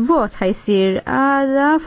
Vot ħajsir għada